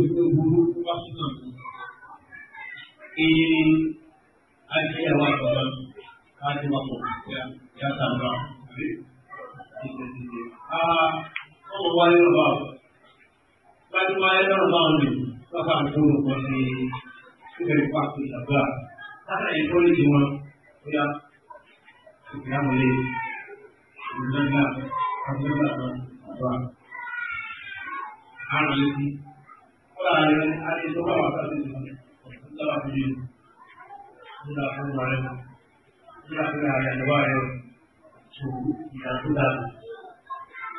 òjò burú wá sínú ìrìn àìsíyàwó àgbàlá láti wà pọ̀ yàtà ńlá àbí ìṣẹ̀ṣẹ̀. Wọ́n wá nínú bá wọn. Láti wá nínú bá wọn lè lọ́kà tó ń bọ̀ sí ìbẹ̀rẹ̀ pàtó ìṣàgbà. Láti ẹ̀yìn tó lè di wọn ó yá ìgbéyàwó lé ìgbéyàwó àgbẹ̀gbẹ̀ àgbà àrùn létí. kódà yẹn a lè tó bá wà ká lè lò ó dára bí yẹn ó dára fún wa yẹn ó dára fún wa yẹn wá yẹn tó ìyá tó dára.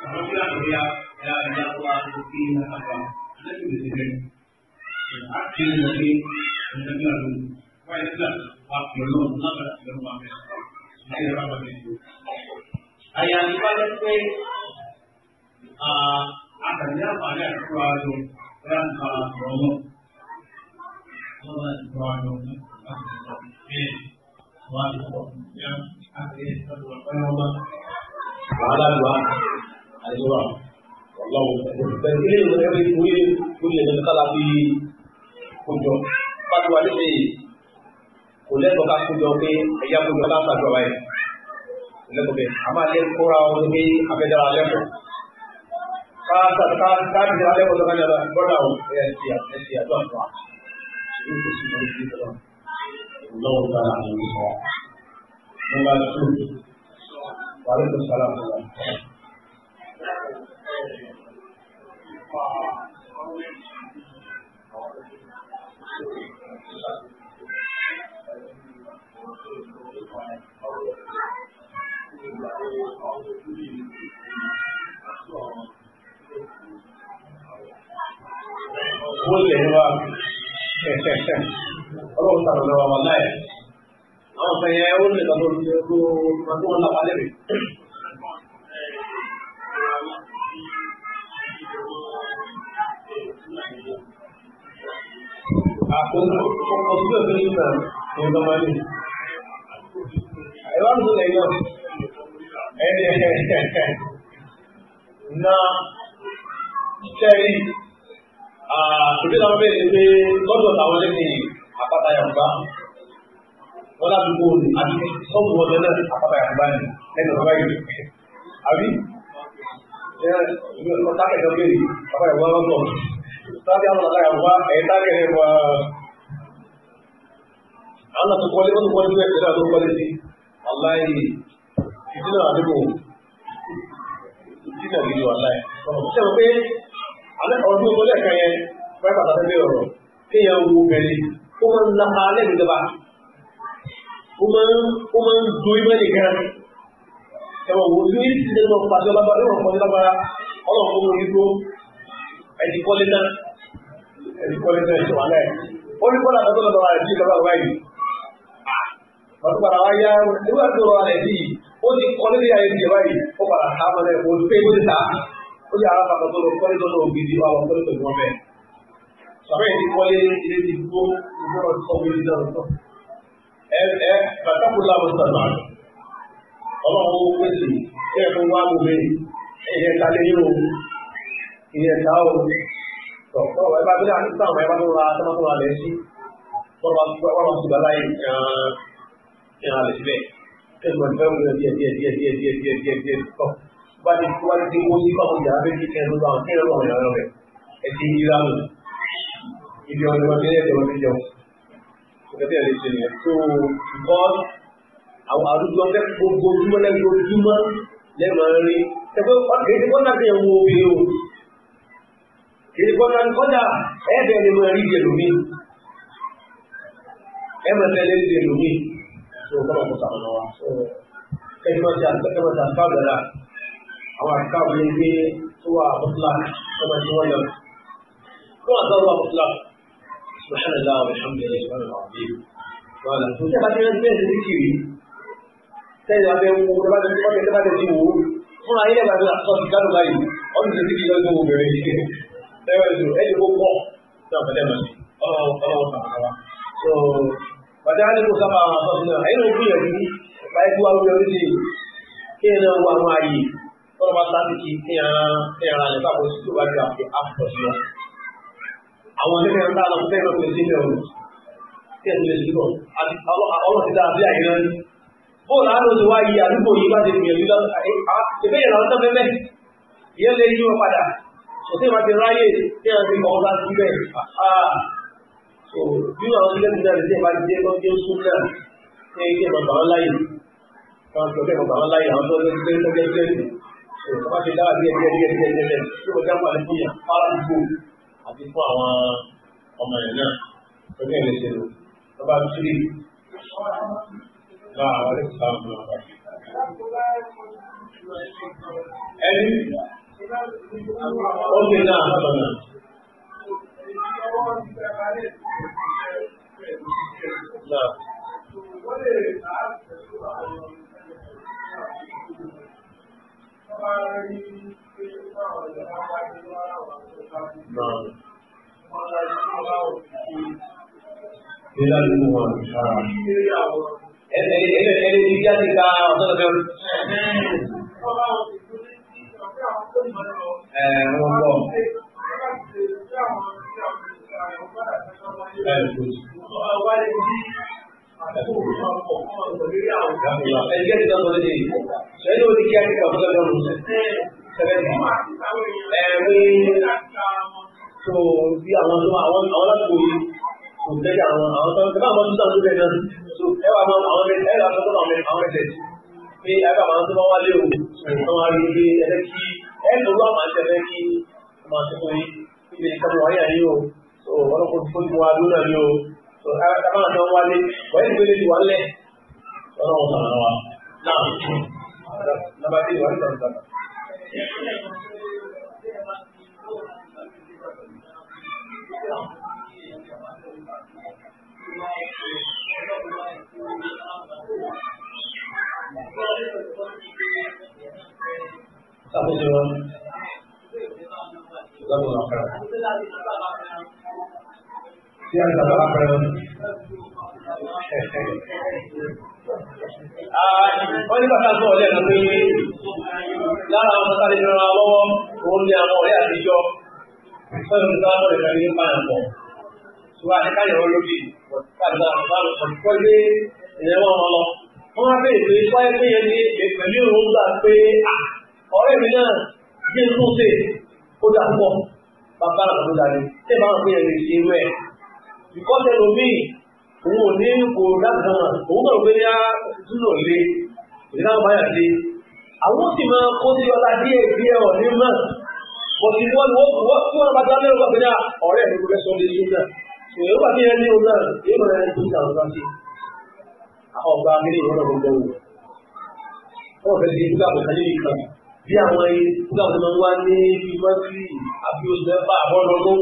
àwọn bí wàá lóya ẹ̀yà ẹ̀yà tó wà tó kí ní àgbà lẹ́yìn lè ti bẹ̀rẹ̀. a ti ń wọlé ẹ̀yà bí wàá lò wáyé tí wàá pè lọ́wọ́ lábàá ti lọ́wọ́ àmì ẹ̀yà bá wà lè lò. àyà ìbálẹ̀ pé àtàlẹ́ àpàlẹ́ àtúrà lò. ránkà ọ̀rọ̀ lọ́wọ́ láti bọ́ àjọ láti sọ pé wọ́n á sọ pé a ti sọ̀rọ̀ lọ́wọ́ ọba wàhálà lọ́wọ́ àdúrà ọlọ́wọ́ bẹ̀rẹ̀ ilé ìwé ẹ̀rí ìwé ìwé ìlẹ̀ kálá fi kójọ pàtó àdébè kò lẹ́tọ̀ọ́ ká kójọ pé ẹ̀yà kójọ láti àjọ wáyé lẹ́tọ̀ọ́ bẹ́ẹ̀ a máa lé kóra ọdún pé abẹ́dára lẹ́tọ̀ọ́. pasa, que la y vale por de la Decía, decía, es cierto No está la No Thank ó lè ní wa ọlọ́run tàbí ọ̀nà wà láyé àwọn kan yẹn ó lè tàbí ọ̀nà tó máa tó wọn ìbí ah, làwọn béèrè pé lọ́dọ̀ táwọn lẹ́yìn àpáta yàgbá wọn ládùúgbò ní àti sọ́ọ̀bù wọn lọ́dọ̀ àpáta yàgbá ni ẹnu bàbá yìí àbí ọ̀tá kẹ̀kẹ́ béèrè bàbá yàgbá wọn lọ́dọ̀ tábí àwọn ọ̀tá yàgbá ẹ̀ẹ́dá kẹ̀kẹ́ wà àwọn àti kọ́lé wọn kọ́lé bẹ́ẹ̀ tẹ́lẹ̀ àti kọ́lé sí aláì ìdínà àdúgbò ìdínà gidi wà láì. ṣé o ọdún tó lẹ́ẹ̀kan yẹn fẹ́ pàtàkì bí ọ̀rọ̀ kéèyàn wo obìnrin ó máa ń lapa lẹ́nu ìjọba ó máa ń ó máa ń do imọ́ nìkan ẹ̀wọ̀n wo ní ìdílé náà pàṣẹ ọlọ́ba ló ràn fún ọlọ́bara ọlọ́run fún orí tó ẹ̀dì kọ́lé náà ẹ̀dì kọ́lé náà ìṣọ̀wá náà ó ní kọ́lá tó lọ́dọ̀ rẹ̀ sí ìjọba ìwáyé wọ́n padà wá yá ìwádìí ọ̀rọ̀ rẹ̀ sí ó ti kọ́lé ní ayé ìjọba yìí ó padà sá mọ́lẹ̀ kó pé ó ti sá ó yà á bàtà tó lọ kọ́lé tó lọ gidi wà lọ kọ́lé pẹ̀lú wọn bẹ́ẹ̀. sọ̀rọ̀ yìí ti kọ́lé ilé ti gbó ìgbọ́dọ̀ tó kọ́lé ilé náà tó. ẹ ẹ bàtà kò lábọ̀ sọ̀rọ̀ àná. ọlọ́run ó pèsè ẹ fún wa mú mi ìyẹn ta lé yóò ìyẹn ta ó. sọ̀rọ̀ ẹ bá bílẹ̀ àti sáwọn ẹ bá tó ra sábà tó ra lẹ̀ sí. wọ́n bá tó bala yìí ìhàn àlè síbẹ̀. ẹ ဘာဒီကွာဒီကိုစီပါဘူးရပဲဒီကဲလို့တော့ကဲလို့တော့ရတော့ပဲအတီးကြီးလားလို့ဒီလိုလိုပြည့်တဲ့တော်ပြီးကြောင်းဒါတည်းလေးရှင်ရဆိုဘောအောင်အရုပ်ကြောင့်တဲ့ဘုဂိုကျွမ်းတဲ့ဘုဂိုကျွမ်းလက်မရီတကောအခေတကောနဲ့ပြောင်းလို့ပြီးလို့ဒီကောနန်ကောကြအဲ့တယ်မရီပြလို့မင်းအဲ့မတယ်လေးပြလို့မင်းဆိုတော့ဘာသာတော့ဆိုကိစ္စချက်ကတက္ကသသာကလည်း àwọn àkáàbù ní pé tó wà àbúkúlá ọba tí wọ́n yọ. Tó wà sọ́wọ́ àbúkúlá, subhanahu wa ta'ala alhamdulilayi wa rahmatulahi. Wàhálà tó ṣe àbájá ní ẹ̀sìn ní kiri. Sẹ́yìn abẹ́ wo lọ́bàdàn tí wò ó. Fún ayé lẹ́gbàá tó sọ ti dánù báyìí, ọdún tó ti kí lọ́dún obìnrin yìí. Ẹ̀rọ ìṣòro ẹ̀jẹ̀ kó pọ̀ sí àbẹ̀dẹ̀ mọ̀ sí ọlọ́wọ́ sàmàlà. So, bàtà á ní kó sábà àwọn àfọ́sí náà, ẹ̀yìn ló gbìyànjú báyìí tó wà lórí ọdún yìí. Kí ni wọ́n wá wọn àyè? wọ́n bá sáà kí ní ara rẹ̀ bá bọ́ sí tó bá rí àti àpọ̀ sí wọn. àwọn ẹgbẹ́ ń dáná fún ẹgbẹ́ òṣèlú ilẹ̀ ọ̀run tí ẹ̀ lè síbọ̀ àti ọlọ́ ti dáa sí àyíná ní. bóòlù àlọ́ ti wá yí àdúgbò yìí bá ti gbìyànjú lọ́sọ̀ ẹgbẹ́ yẹn làwọn tán fẹ́fẹ́ ìyẹn lè yí wọn padà sọ̀tẹ́ máa ti ráyè tí wọ́n ti kọ́ bá sí bẹ́ẹ̀. Ah, so bí àwọn ilé ti dára sí ẹ̀ bá ti dé lọ́jọ́ sún náà ní ilé bàbá wọn láyè bá ṣe dára díẹ̀ díẹ̀ díẹ̀ díẹ̀ díẹ̀ díẹ̀ tí mo jápa ní fúnyà fárúgbò àti fún àwọn ọmọ ẹ̀ náà pẹ̀lú ẹ̀ lẹ́sẹ̀ lò lọ́ba tírì náà àwọn ẹ̀sìn sáà ń lọ. ẹni ó lè náà lọ́nà. Ìlànà ìwọ̀n Elgin is also the So you will get it of the Every so we are also our our school. So they are our our so come on to the better. So they are our our they are also our our they. We are our so our you. So our the the key and the one that the key must be the come why are you. So what of food what do you àwọn àtàwọn wálé wọ́n yẹn gbélé wà lẹ̀ ọlọ́run sọ̀rọ̀ wa náà nàbà tí wà nígbà nígbà. Sàbẹ̀sẹ̀ wọn. Ìgbàgbọ́ náà kàrà. ဆရာတော်ကပြောတယ်အာဘယ်လိုကတော့လဲနော်ဒီလာအောင်တာရီရောဘောဘုံညာမောရတိကျော်ဆယ်တော်တော်ရဲ့ရင်းပန်းပေါ်သူကလည်းကရောလို့ဒီပတ်တာဘာလို့ဆိုကြည့်ရေမောလို့ဟောပေးပြီးဆွဲပြီးရင်းဒီမမျိုးဟုတ်တာပေးအာဟောရမင်းကကျင်းစုစေဟိုတာပေါ့ဘာပါလို့ဒါလဲတေမောင်းပြရင်းရှင်းဝဲ because ẹlòmíì òun ò ní kò dákan òun kàn pé yá túnú lé ìdílé báyà lé àwọn sì máa kó sí ọlá díẹ̀ díẹ̀ ọ̀ní mọ̀ bọ̀sì wọn ni wọ́n tí wọ́n bá dá lérò pàpẹ́ náà ọ̀rẹ́ mi kúrẹ́ sọ lé sí náà sọ èrò àti ẹni òun náà èrò rẹ̀ tó ti àwọn sáfì àwọn ọba akéde ìwọ́n náà gbogbo wọn fẹ́ di ìgbà àbùkà níbi kan bí àwọn ìgbà àbùkà máa ń wá ní bíi mọ́tírì àbí oṣù mẹ́fà àbọ̀lọ́dún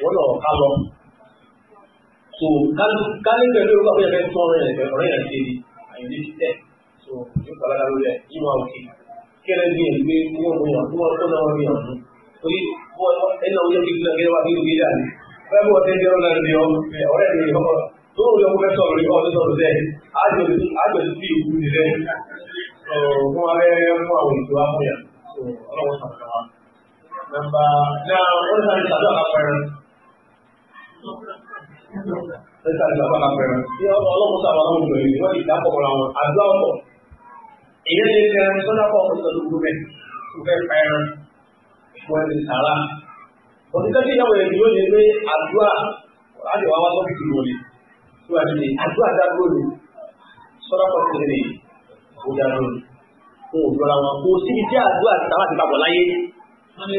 wọn náà ká lọ So Kali pẹ̀lú ọkọ̀ fẹ́ fẹ́ tọrọ ẹ̀ fẹ́ ọ̀rẹ́ yẹn ṣe àyẹ̀dẹ́ ti tẹ̀. So yóò kọ́ lára lórí ẹ̀ ìwà òkè. Kẹ́lẹ́ bí ẹ̀ gbé ní ọmọ yàn fún ọkọ̀ náà wọ́n yàn fún. Torí ẹnà oúnjẹ ti gbìyànjú kẹ́lẹ́ wà ní ìlú yíyá ni. Bẹ́ẹ̀ bí wọ́n ti ń jẹun lára ní ọ̀rẹ́ mi ní ọkọ̀. Tó ń lọ fẹ́ sọ̀rọ̀ ní ọdún sọ̀rọ̀ sẹ́ àjọ ti fi ìwú ni lẹ́ fún alẹ́ fún àwọn ètò amúyà. Ọlọ́run sọ̀rọ̀ wa. Nàmbà náà ó ń sáré sàdúrà kápẹ́rẹ́. ẹ ṣáà ìgbà bàbá pẹ̀rẹ̀ tí ọlọ́run sábà lọ́wọ́ ìgbà yìí wọ́n ti dá pọ̀ mọ́ra wọn àdúrà ọ̀pọ̀ ìyẹn lè fẹ́ ẹran sọ́dá pọ̀ ọ̀pọ̀ ìtọ́jú gbogbo mẹ́ tó fẹ́ pa ẹran wọ́n ti sàrà òtítọ́ tí ìyàwó ẹ̀dúró ni pé àdúrà láti wá wá sọ́kì tó wọlé tó wà nílé àdúrà dágbó ni sọ́dá pọ̀ kó síbi tí àdúrà ti tàbá ti papọ̀ láyé wọ́n ní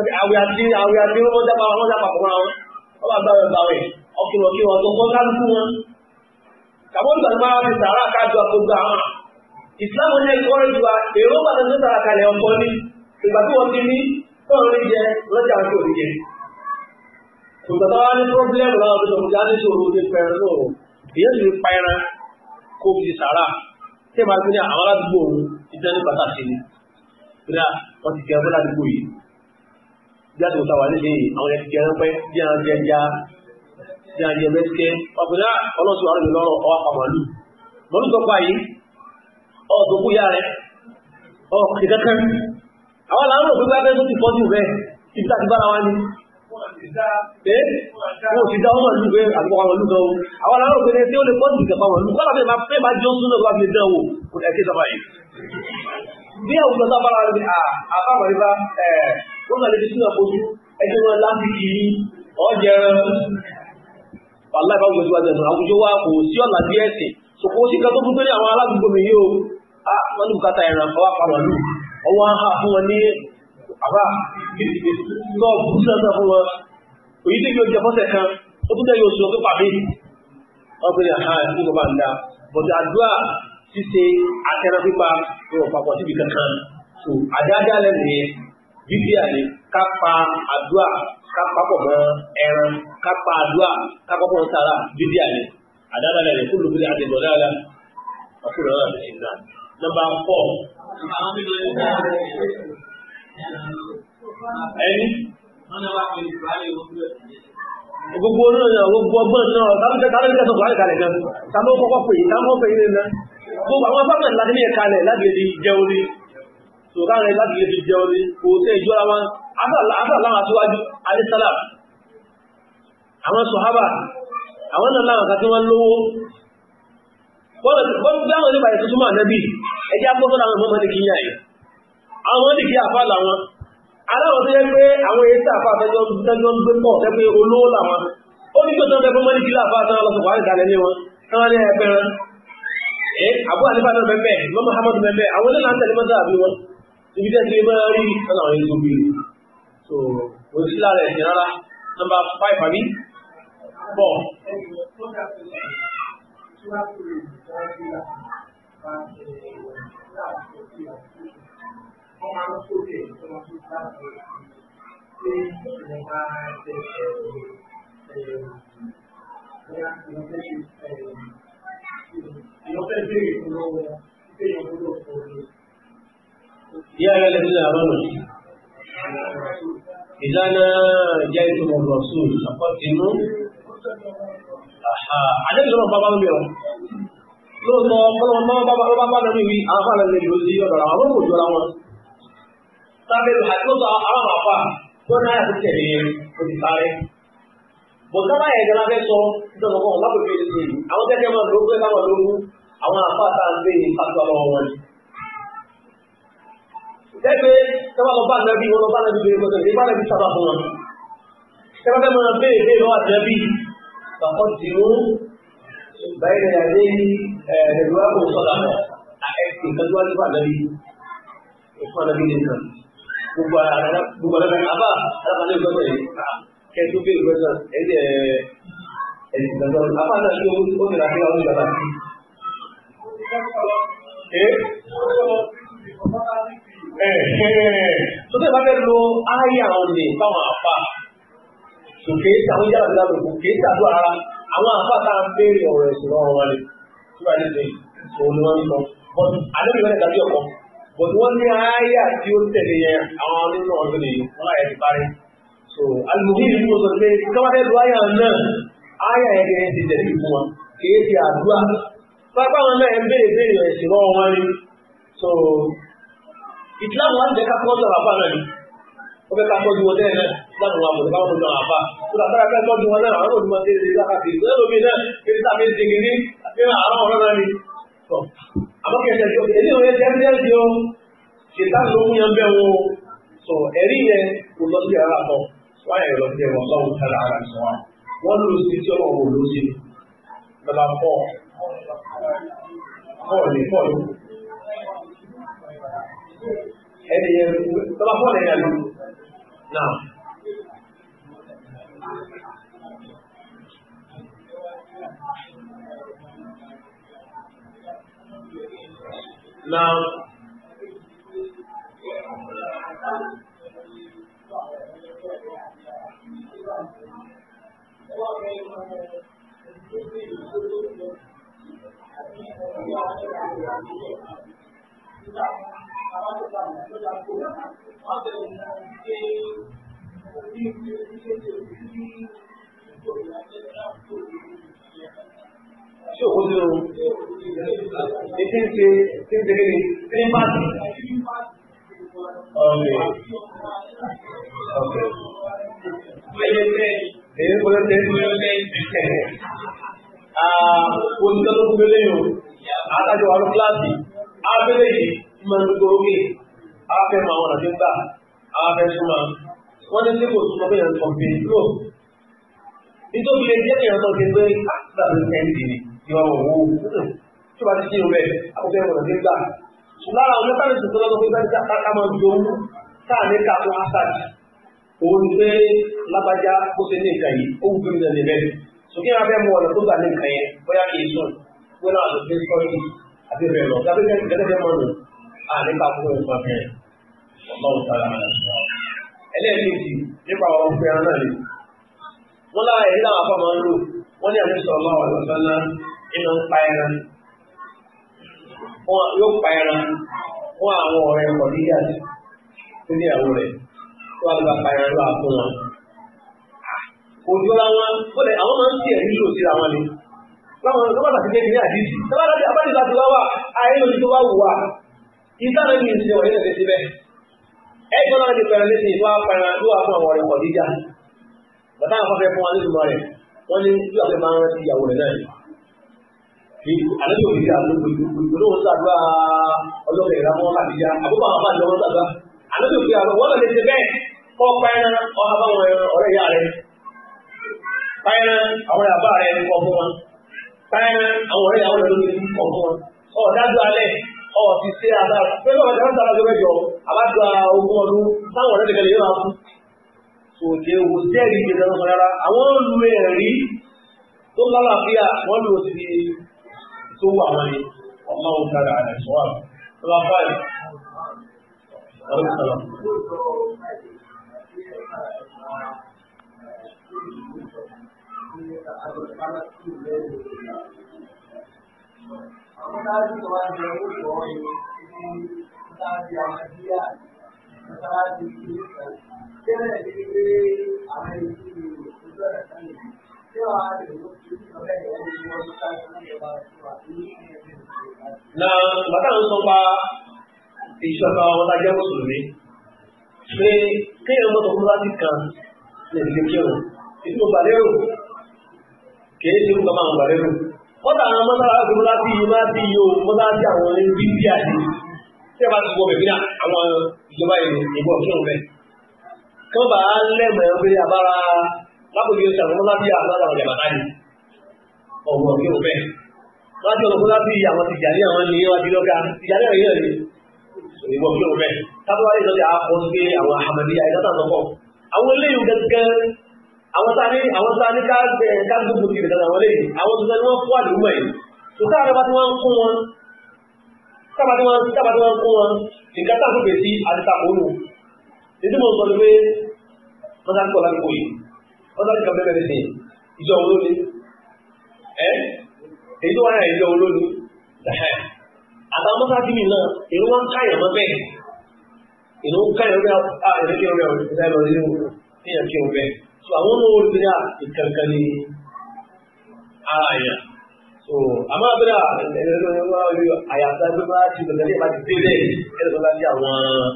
àwẹ̀ àti àwẹ̀ àti wọ́n dápa wọ́n dápa pọ̀ wọn wọ́n bá gbàwẹ̀ gbàwẹ̀ ọkùnrin ọkùnrin ọ̀tọ̀ kọ́ kálukú wọn. kàbọ́n ìgbà máa fi sàárà kájú àkójọ àwọn ìsìláàmù ní ẹ̀kọ́ rẹ̀ ju wa èrò bàtà tó sàrà kalẹ̀ ọkọ ní ìgbà tí wọ́n ti ní tọ́rọ ní jẹ lọ́jà àti òní jẹ. kòtàtà wa ní pọ́blẹ́mù láwọn tó sọ̀rọ̀ jáde sòrò ní pẹ̀rẹ̀ lóòrò èyí ti pa ẹran kó fi sàárà tí ìbá ti ní àwọn aládùúgbò jáde òta wà nílé àwọn ẹni jẹ ránpẹ́ bí a jẹ ẹja bí a jẹ mẹ́tíkẹ́ ọkùnrin náà ọlọ́sùn àrùn ìlọ́rọ̀ ọwọ́ àpàmọ́lù mọ́lù tó pa yìí ọ̀dọ̀ kú yá rẹ̀ ọ̀kì kankan àwọn làwọn òbí bá bẹ́ẹ̀ tó ti fọ́jú rẹ̀ ibi tá ti bára wa ni wọ́n ti dá ọmọ ìlú pé àgbọ̀ àwọn ìlú gan-an àwọn làwọn òbí rẹ̀ tí ó lè pọ́jú ìkẹ̀kọ́ àwọn ìlú kọ́lá fẹ́ máa fẹ́ máa jẹ́ oṣù náà wá fi dán wò kò ní ẹ̀kẹ́ sábà ó sọ lẹ́bi sílẹ̀ fojú ẹjọ́ wọn láti kì í ọ̀jẹ̀rẹ̀ wàhálà ìbáwọ̀ ìgbésí wájú ẹ̀sùn àwùjọ wa kò sí ọ̀nà bí ẹ̀sìn sòkò ó sì kan tó fún tó ní àwọn aládùúgbò mi yóò ah, wọ́n ní bùkátà ẹ̀ràn fọwọ́ àpamọ́ lù ọwọ́ ń hà fún wọn ní àbá sọ́ọ̀bù sílẹ̀ náà fún wọn òyí tí yóò jẹ fọ́sẹ̀ kan ó tún tẹ́ yóò sọ pípa mi wọ́n fi lè hàn ní bàbá ńlá bọ̀dọ̀ àdúrà ṣíṣe àtẹ̀ràn pípa ní ọ̀pọ̀ àpọ̀ síbi kankan so àdáadáa lẹ́nu yẹn bíbí àlè kápá àdúà kápá pọ̀ mọ́ ẹran kápá àdúà kápá pọ̀ mọ́ sára bíbí àlè àdáda lẹ́yìn kúlù bí àti ìbọ̀dá àlà ọkùnrin náà lè gbà. nọ́mbà fọ. ẹni. gbogbo náà náà gbogbo ọgbọ́n náà tábìlì tábìlì tẹ̀sán kò wáyé kalẹ̀ gan. tábìlì kọ́kọ́ pè é tábìlì kọ́kọ́ pè é nínú náà. gbogbo àwọn afáfẹ́ ńlá ní ẹ̀ka lẹ̀ láti lè di jẹun ní sọ̀rọ̀ rẹ̀ láti lè fi jẹun ní kò tẹ́ ìjọra wọn afẹ́láwọn aṣíwájú adésálà àwọn sọ̀hábà àwọn náà láwọn kan tí wọ́n lówó bọ́ọ̀lù nípa ìtútù máa nẹ́bí ẹjẹ́ apọ́sọ́dá àwọn ọmọdé kí yà yìí àwọn ọmọdé kí àfà làwọn aláwọ̀ tó yẹ pé àwọn èyí tàfà tẹ́jọ́ ń gbé pọ̀ tẹ́ pé olówó làwọn ó ní kí o tán fẹ́ fún mọ́dé kí láfà tán lọ́sọ̀ wà nígbà lẹ́lẹ́ wọn tán wọ́n ní ẹgbẹ́ran àbúrò àníbà náà bẹ́ẹ̀ mọ́mọ́ hamadu bẹ́ẹ̀ àwọn ibi tẹ́ ti máa rí ọ̀nà àwọn ètò bíi so kò sí lára ẹ̀sìn rárá nọ́mbà five àbí four. Ìyọ́fẹ́ béèrè fún lọ́wọ́ ẹ̀yọ́ gbọ́dọ̀ fún يا أيها الذين آمنوا إذا ناجيتم الرسول فقدموا àdé ìṣòro bàbá lórí ọ lóòótọ́ ọlọ́mọ bàbá ló bá bá lórí wí àwọn àlọ́ lè lò sí ọ̀dọ̀ àwọn kò jọra wọn sábẹ́ lò àti lóòótọ́ àwọn àfà tó náà yàtọ̀ tẹ̀lé kò ti sáré bọ̀dábà yẹn gan abẹ́ sọ ìjọba kan lápò fi ṣe àwọn tẹ́tẹ́ máa ló pé káwọn ló mú àwọn àfà tá à ń gbé ní pàtó àwọn ọmọ yìí Lẹ́gbẹ́ tọ́ba lọ bá nàbí wọn lọ bá nàbí lórí ọgbọ́n ìgbà nàbí sábà fún wọn. Tẹ́gbẹ́ fẹ́ máa béèrè béèrè lọ́wọ́ àtẹ́bí. Bàbá ti mú báyìí ní adé ẹ̀rọ àpò sọ́dà mọ́. Àẹ̀sìn kan tó wá nípa nàbí. Ìfún nàbí lè kàn. Gbogbo àlàbà àbá àlàbà lè gbọ́dọ̀ yìí. Kẹ́tù béèrè gbọ́dọ̀ ẹ̀dẹ̀ ẹ̀sìn kan tó wá. Àbá náà ṣe ó ti rà sí àwọn ìjọba. Ee. sọ́tẹ́ bá fẹ́ lo áyà ọ̀nì fáwọn àfa sòkè táwọn yàrá bí lábẹ́ òkè tàdó ara àwọn àfa tá a béèrè ọ̀rọ̀ ẹ̀sìn lọ́wọ́ wọn ni tí wàá nílé òun ni wọ́n ń sọ bọ́tù àlẹ́ ìwé ẹ̀dá bí ọ̀kọ́ bọ́tù wọ́n ní áyà tí ó tẹ̀lé yẹn àwọn onímọ̀ ọ̀dọ́ nìyí wọ́n láyẹ̀ ti parí so alùpùpù yìí ló sọ pé káwáfẹ́ lo áyà náà áyà yẹn kẹ́ ti tẹ̀lé ìfún wọn kì í ti àdúrà pápá wọn náà ń béèrè béèrè ẹ̀sìn lọ́wọ́ wọn ni so ìsìláàmù wa ń jẹ́ ká tọ́jú àwọn àbá náà ni ó fẹ́ ká tọ́jú wọn tẹ́lẹ̀ náà ìsìláàmù wa kò ní ká wọ́n tọ́jú àwọn àbá kó tà sára fẹ́ tọ́jú wọn náà àwọn olùmọ̀ tẹ́lẹ̀ tẹ́lẹ̀ láka tẹ́lẹ̀ tẹ́lẹ̀ lómi náà kí níta fi ń segin ní nínú àwọn ọ̀rọ̀ náà ni. àmọ́ kí ẹ̀sẹ̀ yóò èyí òye jẹ́ ẹ́ di o ṣètàn ló mú yan bẹ́ wọn o sọ ẹ̀rí yẹn kò lọ sí အဲဒီတော့ဟောနေတယ်နာနာ شو حضور لیکن سے تین جگہ نہیں تین بات ঢের বলে ঢের বলে কোন তরফ মিলে আধা जो और क्लास थी आप मिलेगी tí máa ń gbogbo orí afẹ́ máa wọn àti gbà afẹ́ súnmọ́ wọ́n ní sí kò súnmọ́ pé yẹn sọ̀pẹ̀ lò nítorí lè jẹ́ èèyàn náà ah, ti gbé àtìgbàdo kẹ́ndì ni ìwà wọ̀ wò tí wàá ti sí ìwẹ̀ àkókò ẹ̀wọ̀n àti gbà ṣùgbọ́n àwọn mẹ́tàlì tuntun lọ́dọ̀ pé bẹ́ẹ̀ ká máa ń gbowó táà ní ká fún hasad òun pé lágbájá kó ṣe ní nǹkan yìí ó wù kí nìyẹn lè bẹ́ẹ̀ sókè abẹ́ mu ọ̀nà tó gbà ní nǹkan yẹn bóyá kì í sùn bóyá àlùfẹ́ sọ́ọ̀tì àti bẹ́ẹ̀ lọ Ah, nípa kúrò nípa bẹ́ẹ̀ ọlọ́run sára máa lọ. ẹlẹ́ẹ̀kejì nípa àwọn ọmọ ẹran náà ni wọ́n lára ẹ̀rí làwọn afọ́ máa ń lò wọ́n ní àti sọ̀rọ̀ láwọn ọ̀dọ́sán náà nínú ń pa ẹran yóò pa ẹran fún àwọn ọ̀rẹ́ ẹ̀kọ́ níyà tó ní ìyàwó rẹ̀ tó wà lọ́ba pa ẹran lọ́wọ́ fún wọn. Ah, kò jọra wọn bọ́lẹ̀ àwọn máa ń tiẹ̀ nílò síra wọn ni láwọn ọ̀dọ́ bàtà ti dé ní àdìsí Isa ló ní ìṣe wọ̀nyí lè síbẹ̀. Ẹ gbọ́n náà ti pẹ̀lú nísìnyí tó wá pẹ̀lú tó wá fún àwọn ọ̀rẹ́ pọ̀ jíjà. Bàtà àwọn afẹ́fẹ́ fún wa nínú rẹ̀ wọ́n ní bí wàá fẹ́ máa ń rántí ìyàwó rẹ̀ náà. Àlejò òbí jà ló gbogbo olóhùn sàdúrà ọlọ́bẹ̀ ìramọ́ àbíjà àbúkọ̀ àwọn máa lọ́wọ́ sàdúrà. Àlejò òbí àwọn wọ́n lè ṣe bẹ́ẹ̀ kọ́ pẹ́ẹ́rán ọ̀hà báwọn ọ̀rẹ́ ìyá rẹ̀. Pẹ́ẹ́rán àwọn ìyàbá rẹ̀ kọ̀ fún wọn. Pẹ́ẹ́rán àwọn ọ̀rẹ́ ìyàwó rẹ̀ ló ní kọ̀ fún wọn. Ọ̀dájú alẹ́ ọ̀sì ṣe àdára pé bàbá ìjọba ìjọba ìjọba ìjọ àbájọ ogun ọdún táwọn ọ̀rẹ́ nìkan lè yóò máa fún òde owó jẹ́rìí ìjọba ìjọba rárá àwọn lu ẹ̀rí tó lálàáfíà wọ́n lu òsì tó wà wọ́n ni ọmọ òun kára àdàṣọ́ wà ló bá fáyì. Thank you mọ́sáájú tó wá jẹ owó ìwọ̀ yìí ní mọ́sáájú àmàdíyà mọ́sáájú kìlìkan tẹ́lẹ̀ ní pé àwọn ẹni tí mi ò fi bẹ̀rẹ̀ sẹ́yìn tí wọ́n á lè lọ sí ọ̀rẹ́ ìwọ̀n ní wọ́n mọ́sáájú ní ìjọba àti na bàtà ń sọ pa ìṣọ̀kan àwọn ọ̀tá jẹ́ mùsùlùmí pé kéèyàn mọ́tò fúláṣí kan lè fi kírun ìtumọ̀ gbàlérò kèé ṣe ń gbàmọ̀ gbàlérò bọ́tà àwọn mọ́sálásí tó bọ́lá sí iye máa sí iye o bọ́tà sí àwọn ilé bí bí àti tí a bá ti wọ bẹ̀bí náà àwọn ìjọba ìbọn kí òun bẹ̀. kí wọ́n bá lẹ́mọ̀ ẹ́ pé abára lápòjì oṣù àwọn mọ́sálásí àwọn àwọn ìjàmbá ni ọ̀gbọ̀n kí òun bẹ̀. wọ́n ti ọ̀gbọ̀n láti àwọn tìjàlí àwọn ní wájú lọ́gà tìjàlí àwọn yẹn ni ìbọn àwọn tá a ní àwọn tá a ní ká ká gbogbo kiri dáadáa wọlé yìí àwọn tó sẹ́ni wọ́n fún àdúgbò yìí tó tá àrẹ́bá tí wọ́n ń kún wọn tábà tí wọ́n tábà tí wọ́n ń kún wọn nǹkan tá a gbèbè sí àtìsàkóònù ètò ìmọ̀ sọ ni pé wọ́n sáré kọ́ láti kó yìí wọ́n sáré kọ́ bẹ́ẹ̀ bẹ́ẹ̀ ìjọ òun lónìí ẹ́ èyí tó wáyà ìjọ òun lónìí àtàwọn mọ́sáàtì mi náà èrò wọn káyọ̀ mọ́ bẹ́ẹ̀ èrò káyọ̀ bẹ́ẹ̀ so àwọn ọmọ olùdíjà ìkankan ní ara yẹn so àmọ́ abẹ́rẹ́ àyàtọ̀ ẹgbẹ́ bá ti gbẹ̀gbẹ́ ní ìbájú dé bẹ́ẹ̀ ẹ̀rọ tó bá ti àwọn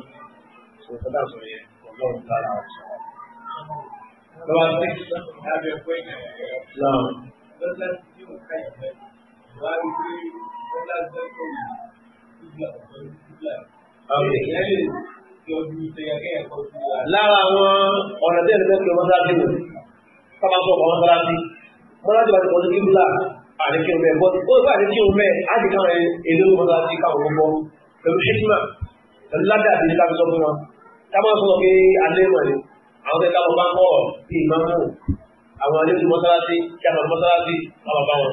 sọ̀tọ́dà sọ yẹn ọlọ́run lára ọ̀sán. lọ́wọ́ àti lábẹ́ ẹ̀kọ́ ìgbà yẹn lára àwọn ọ̀nà tí ẹ̀rẹ́ mẹ́fẹ́ mọ́sáàtì wò sábà sọ ọ̀pọ̀ mọ́sáàtì mọ́sáàtì bá ti pọ̀ sí kíbùlà àdékírun bẹ́ẹ̀ bọ́ ó bá àdékírun bẹ́ẹ̀ á ti káwọn èdè mọ́sáàtì káwọn gbọ́ pẹ̀lú ṣíkímà pẹ̀lú ládàbí ní káfíńsọ fún wọn táwọn sọ pé alẹ́ mọ̀ ni àwọn tẹ káwọn bá ń bọ̀ bí ìmáàmù àwọn àlejò mọ́sáàtì yàtọ̀ mọ́sáàtì àwọn bá wọn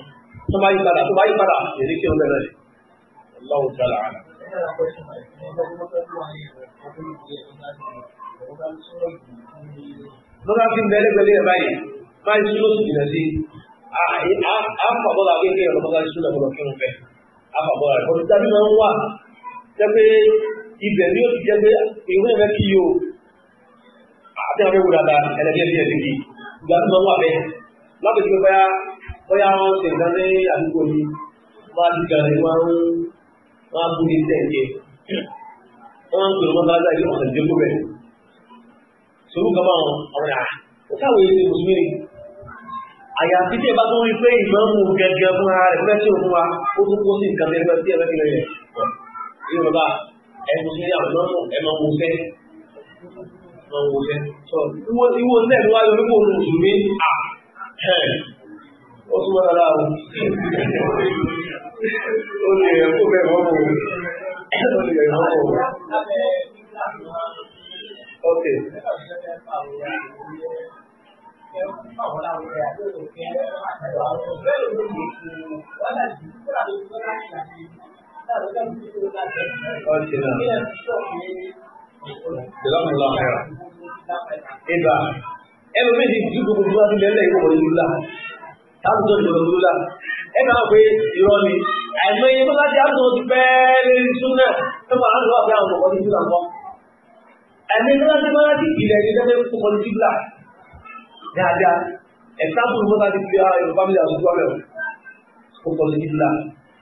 tó bá yí padà tó bá yí padà èdè kírun bẹ́ẹ̀ náà lọ́dá fi bẹ́ẹ̀ pẹ̀lú ẹ̀ báyìí máa ń súnmọ́ sí jìnà sí àfàbọ́lá kéèkéè ọ̀rọ̀ bọ́lá súnmọ́ ọ̀rọ̀ kí wọ́n fẹ́ àfàbọ́lá rẹ̀ bọ́lá tàbí máa ń wà jẹ́ ibẹ̀ ni ó ti jẹ́ pé ìwé ẹ̀fẹ́ kí yóò àti àwọn ewu dada ẹlẹ́gbẹ́ bí ẹ̀sìn kì í ìgbà tó máa ń wà bẹ́ẹ̀ lápẹ̀sí pé bóyá wọ́n ṣe nǹkan ní wọn á bú ní tẹ̀lé wọn ń pèrò wọn bá láyé ọ̀sẹ̀ tí ó kó bẹ̀rẹ̀ sòwò kan bá wọn àwọn yà ó káwé ní mùsùlùmí ni àyàfi tí ẹ bá tó rí pé ìmọ̀mù gẹ́gẹ́ fún ara rẹ̀ fẹ́ tí ò fún wa ó tún kó sí nǹkan tẹ́lẹ̀ tí ẹ bá ti rẹ̀ yẹn yóò bá ẹ mùsùlùmí àwọn ìmọ̀mù ẹ máa wò fẹ́ máa wò fẹ́ sọ ìwọ ìwọ tẹ̀ ló wá lórí kò mùsùlùmí à ó tún wọn lára o. ဟိုနေရာကိုပဲဘောဘူးဟိုနေရာဘောဘူးโอเคဒီလောက်မလောက်ခဲ့အဲ့ဒါအဲ့လိုမျိုးဒီဒီကိုဒီလိုလဲလဲကိုလို့လာသာတို့တို့လို့လာအဲ့တော့ဘေးဒီလိုနေအမေတို့ကကြားလို့ဒီပဲလေးစုနေတော့ဘာလို့ပြောင်းလို့ဘာလို့ပြောင်းတော့အမေတို့ကဒီမှာဒီဒီလေးတွေပုံပေါ်ကြည့်လားဒါကြ example ဘာသာဒီပြရဘာမလဲသူပြောတယ်ပုံပေါ်ကြည့်လား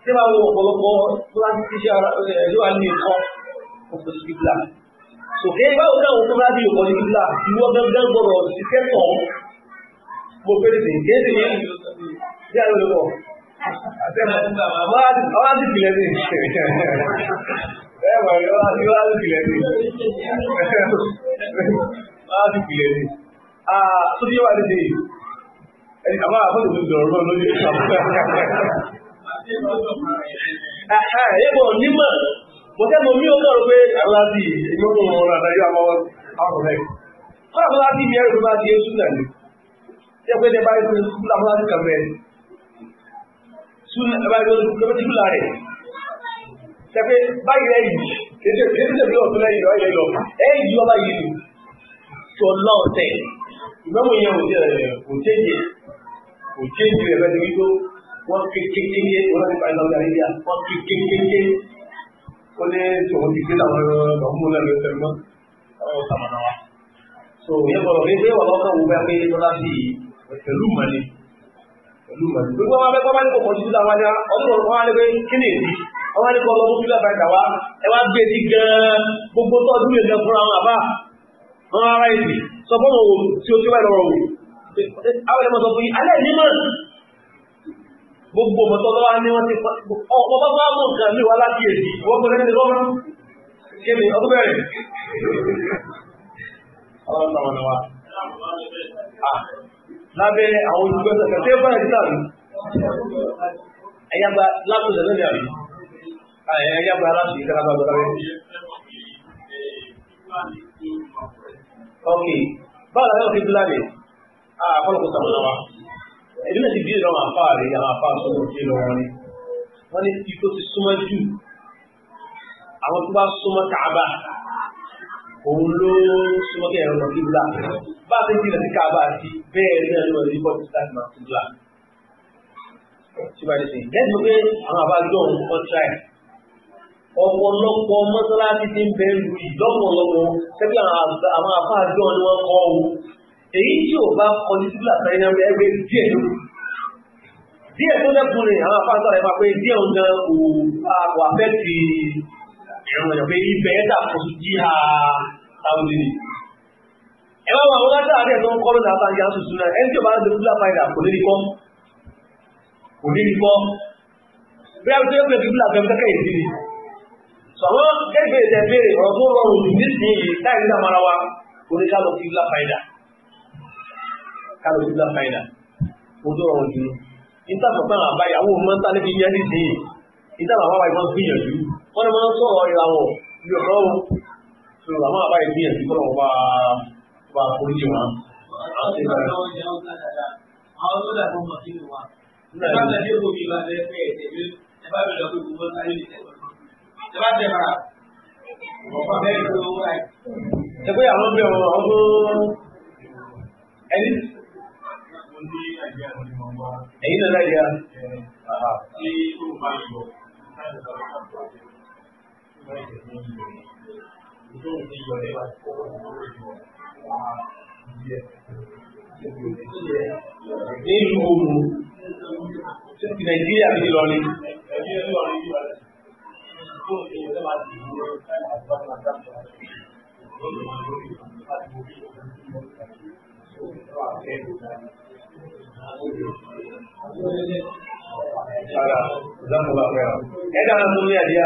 ဒီမှာဘောဘောဘောဘာသာဒီရှာလိုအန်နေတော့ပုံပေါ်ကြည့်လား sòkè ìbá òun náà tó bá di òkò ní bíbélà ìwọ gángan gbọ́dọ̀ sí kẹ́kọ̀ọ́ mo fẹ́rẹ̀ sí kéde yẹn bí a lè lọ. Sema kwamba mavazi hawazi vile vile. Sema leo hawazi vile vile. Hawazi vile vile. Ah, sio wale hivi. Yaani kama hapo ndio ndio ndio. Ah ah, yebo nima. Mọ̀tẹ́ mọ̀ mí ó kọ̀rọ̀ pé aláàbí ìyókùn ọ̀rọ̀ àdáyọ́ àwọn ọ̀rọ̀ rẹ̀. Kọ́lá aláàbí mi ẹ̀rọ tó bá di Yéṣu náà ni. Ṣé pé ní bá yẹ kó ní sùkúlù aláàbí kan bẹ́ẹ̀ සුලබතිකුලාරේ සැපේ බයිලයි දෙදේ දෙදේ බියෝ තුලයි රයි ලෝ ඒ ජීව බයි සොල්ලෝ තේ ඉබම යෝ උචේජි උචේජි රබදිකු wọn fi kékeré wọn fi báyìí lọ́wọ́ àríyá wọn fi kékeré wọn lé tòun ti gbé làwọn ọmọ náà lọ sẹ́nu mọ́ ọ̀rọ̀ sàmànà wa. so yẹ kọ́ lọ pé wọ́n lọ́kàn wọ́n bá pé lọ́lá sí pẹ̀lú mọ́ni pẹ̀lú màdì. Gbogbo àwọn abẹ́kọ́ bá ní kòkòrò títí láwọn ajá, ọdún kan wá ní pé kí ni èdè? Wọ́n wá ní kọ́ lọ́wọ́ fúlẹ̀ bàjá wá, ẹ wá gbé ní gan gbogbo tọ́jú lè lọ fúnra wọn àbá. Wọ́n ara èdè sọ fún òun tí o ti wá ìrọ̀rùn wò. Àwọn ẹ̀mọ́ sọ fún yín, alẹ́ ní mọ̀. Gbogbo ọmọ tọ́lọ́ wa ní wọ́n ti pa. Ọmọ bá bá mú nǹkan mi wá láti èdè, wọ́n gbọ́dọ̀ ní lọ́wọ́. Kí ni ọdún bẹ̀rẹ̀? Ọlọ́run náà wọn ni wa. Ah lábẹ́ àwọn olùgbẹ́sẹ̀ kẹfẹ́ bá ẹ̀rí láàrin ẹ̀yàgbà látọ̀sẹ̀ lẹ́lẹ̀ àrí ẹ̀yàgbà láti ìkàlábà gbọ́dáwẹ́ ok báwo la yóò fi bí láàrin àkọlùkù sàmúlà wa ìdílé ti bí ìrọ̀mà àfà rí àwọn àfà sọ̀rọ̀ sí lọ wọn ni wọ́n ní ikú ti súnmọ́ jù àwọn tó bá súnmọ́ kàábà òun ló súnmọ́ kí ẹ̀rọ lọ́ọ́ kíbla bá a ti jìnnà sí a sí bẹ́ẹ̀ ní ẹ̀rọ lọ́ọ́ kíbla sí láti máa kíbla. síbáyé sìn lẹ́sìn pé àwọn àbájọ òun kọ́ tíráì ọ̀pọ̀lọpọ̀ mọ́sálásí ti ń bẹ lu ìlọ́pọ̀lọpọ̀ sẹ́bí àwọn àbájọ ni wọ́n kọ́ o èyí tí ò bá kọ ní síbílà sáyẹn náà ẹgbẹ́ díẹ̀ ló díẹ̀ tó lẹ́kùn ni àwọn àbájọ rẹ̀ máa pé díẹ̀ òun gan kò ibẹ̀ ẹ̀dà kò sí jíha sáwùdí ni ẹ bá wà wọn látà àti ẹ̀tọ́ ń kọ́ lọ́dà àbá ìyá tuntun náà ẹni tí ò bá ń dẹ́kun lápá ìdá kò ní kọ́ kò ní kọ́ bí a bí tó yẹ kó ìdílé àfẹ́ kẹ́kẹ́ ìdí ni sọ̀rọ̀ kẹ́gbẹ́ ìtẹ̀bẹ̀rẹ̀ ọ̀rọ̀ tó rọrùn jù nísìnyí táì nígbà mara wa kò ní kálọ̀ kí bílá fàyídà kálọ̀ kí bílá fàyídà ó tó rọrùn jù nítàkọ̀tàn àbáyàwó mọ́ta níbi yẹn nísìnyí nítàkọ̀ àwọn àbáyàwó gbìyànjú wọ́n ni wọ́n sọ̀rọ̀ ìràwọ̀ yọ̀rọ̀ so àwọn àbá ìgbìyànjú bí ìwà rẹ bá bá tẹ̀ bàrà ọ̀pá bẹ́ẹ̀ ló wọ́n láì. ṣe pé ẹni. ẹ̀yin náà láì yá. tí ó yọ nílùú òmù ti nàìjíríà ti lọ ní. Ada, zamu ba kaya. Ada nan duniya dia.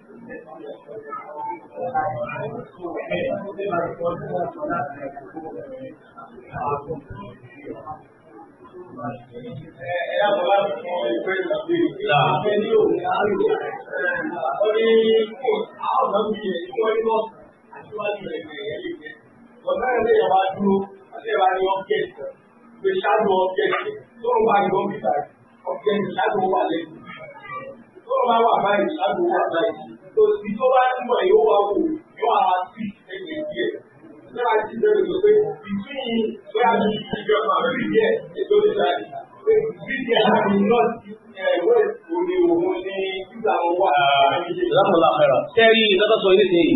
Ọ̀gẹ̀dẹ̀ ṣáàdùn tó ibi tó bá nímọ̀ yóò wá wò yóò wá sí ẹgbẹ́ díẹ̀ náà ti bẹ̀rẹ̀ lọ pé ìtúyìn bóyá bí ìjọ kan àbẹ̀rẹ̀ díẹ̀ ètò ìdájì pé bíbí àmì náà ti ẹ̀wẹ́ òní òun ní títà wọn wà. ìlànà àpẹẹrẹ sẹ́rí lọ́tọ̀ sọ ilé ìsìn yìí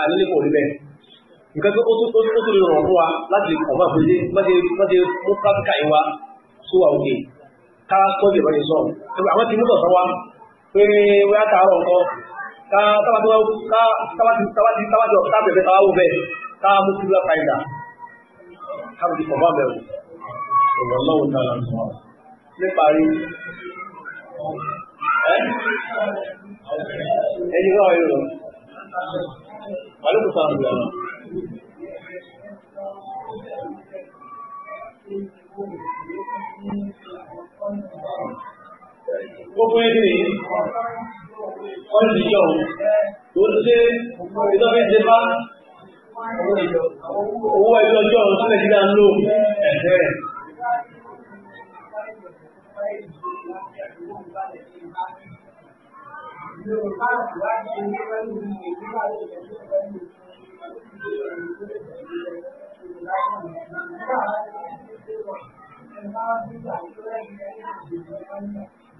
àlélẹ́ kò rí bẹ́ẹ̀ nǹkan tó ó tún lè rọrùn fún wa láti ọ̀gbà pèsè mọ́tẹ́ mú pátíkà yìí wá òkè ká sọ́ọ̀dì ìbáyé sọ̀rọ̀ àwọn ti mú tọ̀sán wa pé wíwá tààrọ̀ nǹkan ká tábàtì tábẹ̀bẹ̀ táwà wò bẹ́ẹ̀ ká mú sí lọ́pàá ìdá káàkiri kọ̀ọ̀bá bẹ̀rù ọ̀rọ̀ lọ́wọ́ ní ara sọ níparí ẹni náà yóò pàlùkù sáà bẹ̀rẹ̀ náà. Thank you. gbogbo ẹni ọ̀rẹ́ ìjọ tó ń ṣe ìjọ fi ṣe bá owó ẹgbẹ́ ọjọ́ tó lè dídá ń lò ẹ̀fẹ́ Thank you.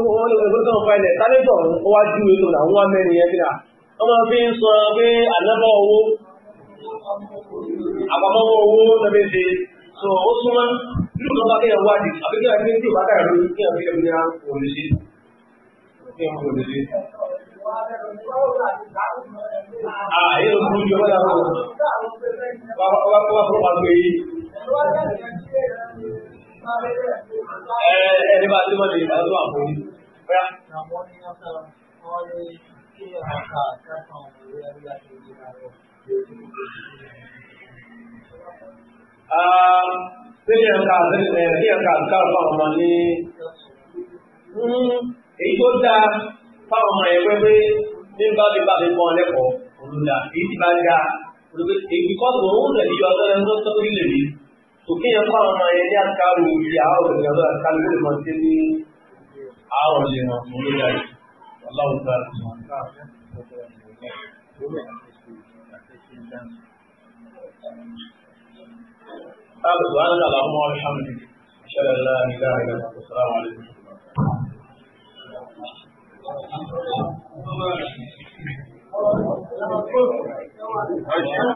wọ́n ní ọjọ́ tó ń fa ilẹ̀ tálẹ́tọ̀ ó wá ju ètò làwọn wá mẹ́rin yẹn kíra ọmọ fi ń sọ pé ànábọ̀ owó àpamọ́wọ́ owó lọ́bẹ̀ ṣe sọ ó súnmọ́ nínú kan bá kéèyàn wá di àbí kéèyàn fi ń tí ìbákà rẹ̀ lórí kéèyàn fi ẹ̀bùn ya kò lè ṣe kéèyàn kò lè ẹni bá tí wọ́n lè bá lọ́wọ́ àforí. Sílẹ̀ ọ̀ka sílẹ̀ ọ̀ka àtàwọn ọmọ ní èyí tó dáa fáwọn ọmọ ẹgbẹ́ pé ní bá mi bá mi mọ lẹ́kọ̀ọ́ òun là èyí ti bá dáa òun pé èyí kọ́ òun rẹ̀ yọ ọ̀tọ̀ lẹ́nu tó tó nílẹ̀ yìí òkè yẹn kọ́ àwọn ọmọ yẹn ní àkàrò ìdí àwọn ènìyàn lọ́wọ́ àkàrò lè máa ṣe ní àwọn lè ràn fún lórí ayé ọlọ́run tó àti wọn. سبحانك اللهم وبحمدك أشهد أن لا إله إلا أنت